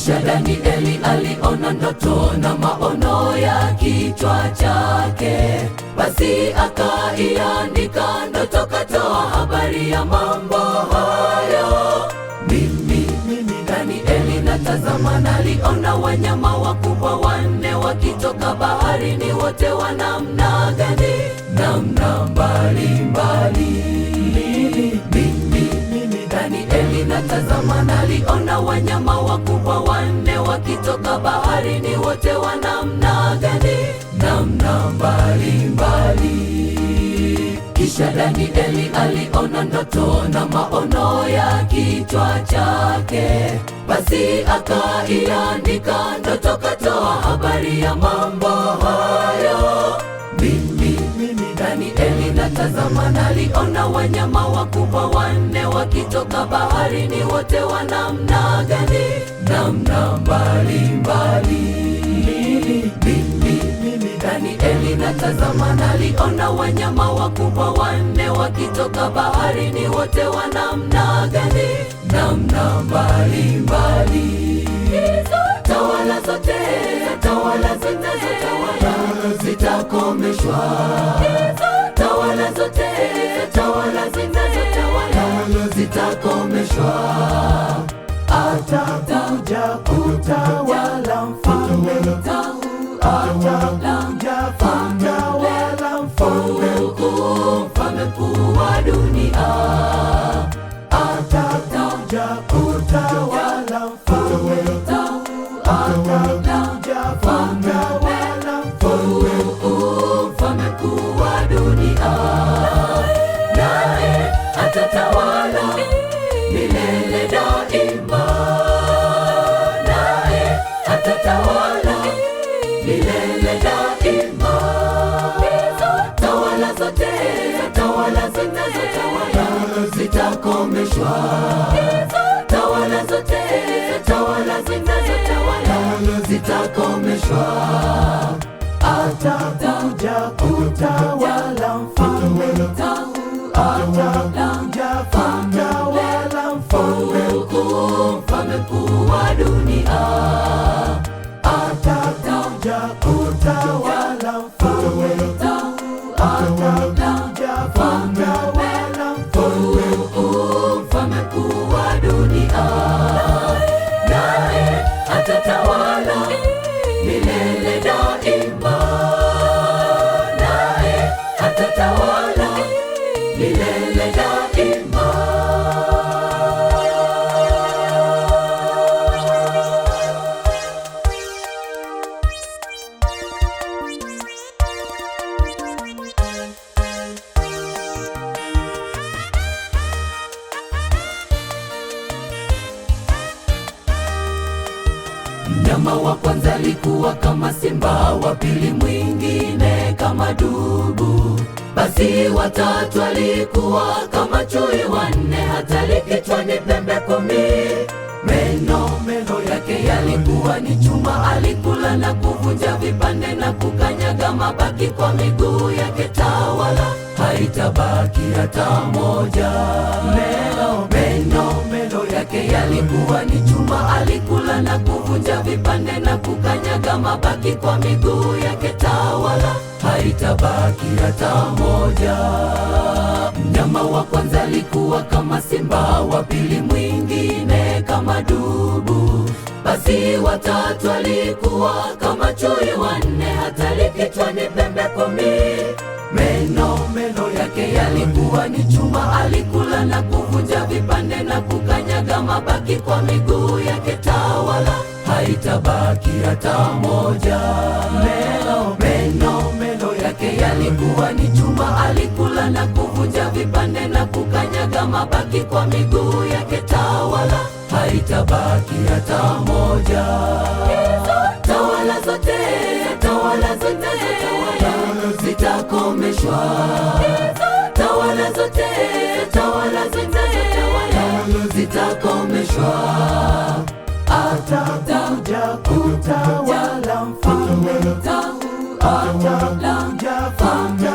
Kisha Danieli aliona ndoto na maono ya kichwa chake, basi akaiandika ndoto, katoa habari ya mambo hayo. Mimi Danieli natazama, naliona wanyama wakubwa wanne wakitoka baharini, wote wa namna gani? Namna mbalimbali Akitazama naliona wanyama wakubwa wanne wakitoka baharini, wote wa namna gani? Namna mbalimbali. Kisha Danieli aliona ndoto na maono ya kichwa chake, basi akaiandika ndoto, katoa habari ya mambo hayo. Mimi Danieli natazama, naliona wanyama wakubwa wanne wa wakitoka baharini wote wa namna gani? Namna mbalimbali. Danieli natazama, naliona wanyama wakubwa wanne wakitoka baharini wote wa namna gani? Namna mbalimbali. Tawala zote, tawala zote tawala zitakomeshwa, tawala zote, tawala zote itakomeshwa, atakuja kutawala mfalme, atakuja kutawala mfalme mkuu, mfalme mkuu wa dunia. Yesu. Tawala zote, tawala zinazotawala zitakomeshwa, atakuja kutawala mfalme, atakuja kutawala mfalme mfalme mkuu wa dunia, atakuja kutawala mfalme, atakuja kutawala watawala Mnyama wa kwanza alikuwa kama simba, wa pili mwingine kama dubu, basi watatu alikuwa kama chui, wanne hatari, kichwani pembe kumi. Meno meno yake yalikuwa ni chuma, alikula na kuvunja vipande na kukanyaga mabaki kwa miguu yake tawala haitabaki hata moja. Meno meno meno yake yalikuwa ni chuma, alikula na kuvunja vipande na kukanyaga mabaki kwa miguu yake tawala, haitabaki hata moja. Mnyama wa kwanza alikuwa kama simba, wa pili mwingine kama dubu, basi watatu alikuwa kama chui, wanne hata likitwa ni pembe kumi. Alikuwa ni chuma, alikula na kuvunja vipande na kukanyaga mabaki kwa miguu yake. Tawala haitabaki hata moja. Meno, meno, meno yake yalikuwa ni chuma, alikula na kuvunja vipande na kukanyaga mabaki kwa miguu yake. Tawala haitabaki hata moja. Tawala zote, tawala zote zitakomeshwa. Tawala zote, tawala zote, zitakomeshwa, atakuja kutawala mfalme, atakuja kutawala mfalme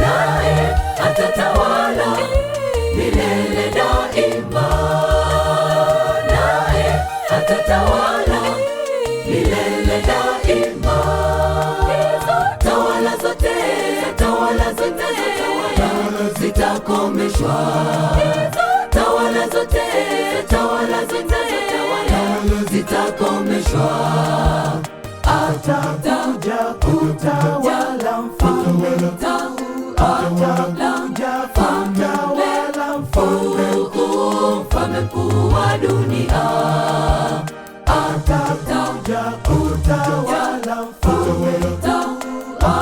naye atatawala milele daima, naye tawala zote, tawala zote tawala zitakomeshwa, atakuja kutawala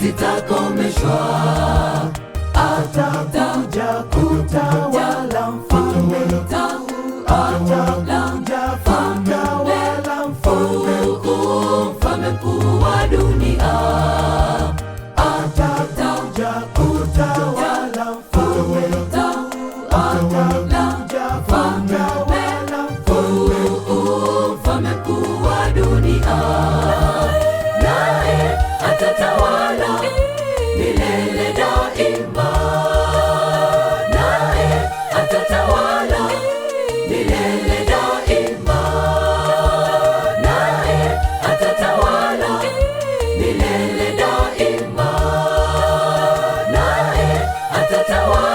zitakomeshwa. 走我。